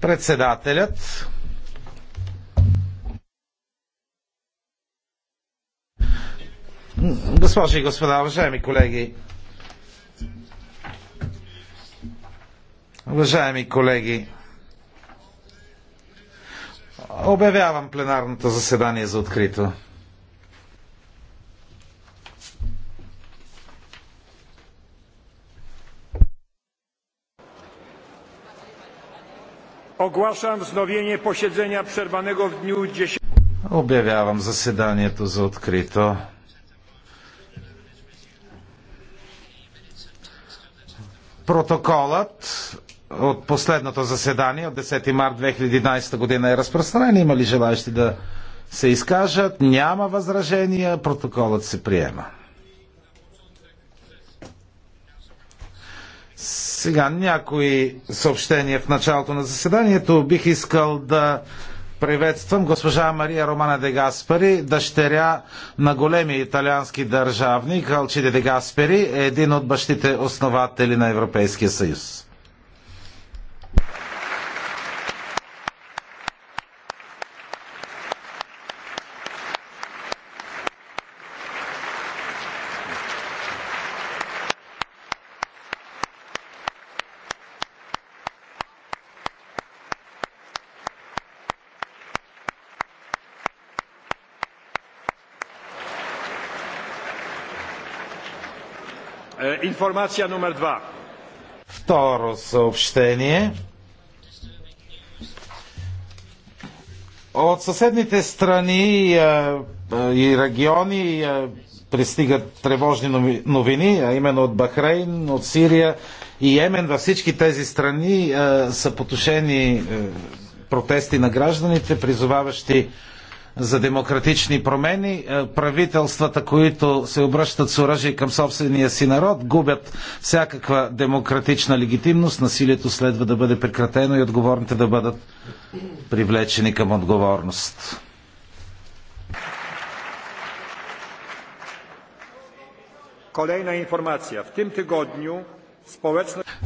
Председателят Госпожи и господа, уважаеми колеги, уважаеми колеги, обявявам пленарното заседание за открито. Оглашам вновение поседения, прерваного в дню 10. Обявявам заседанието за открито. Протоколът от последното заседание от 10 март 2011 година е разпространен. Има ли желаящи да се изкажат? Няма възражения. Протоколът се приема. Сега някои съобщения в началото на заседанието. Бих искал да приветствам госпожа Мария Романа де Гаспери, дъщеря на големия италиански държавник Алчиде де Гаспери, един от бащите основатели на Европейския съюз. Е, информация номер два. Второ съобщение. От съседните страни е, е, и региони пристигат тревожни новини, а именно от Бахрейн, от Сирия и Йемен. Във всички тези страни са потушени протести на гражданите, призоваващи за демократични промени. Е, правителствата, които се обръщат с оръжие към собствения си народ, губят всякаква демократична легитимност. Насилието следва да бъде прекратено и отговорните да бъдат привлечени към отговорност.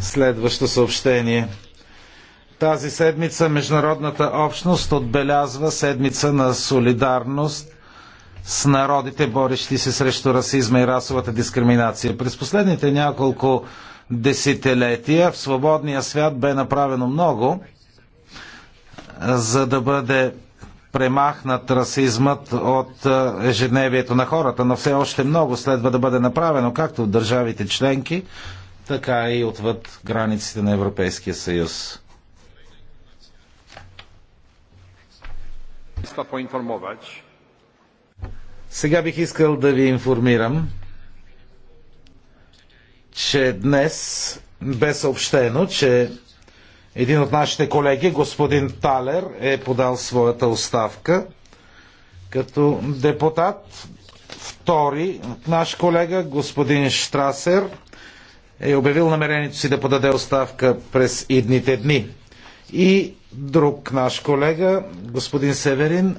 Следващо съобщение. Тази седмица международната общност отбелязва седмица на солидарност с народите, борещи се срещу расизма и расовата дискриминация. През последните няколко десетилетия в свободния свят бе направено много, за да бъде премахнат расизмът от ежедневието на хората, но все още много следва да бъде направено, както от държавите членки, така и отвъд границите на Европейския съюз. Państwa poinformować. Сега бих искал да ви информирам, че днес бе съобщено, че един от нашите колеги, господин Талер, е подал своята оставка като депутат. Втори наш колега, господин Штрасер, е обявил намерението си да подаде оставка през идните дни. И друг наш колега, господин Северин,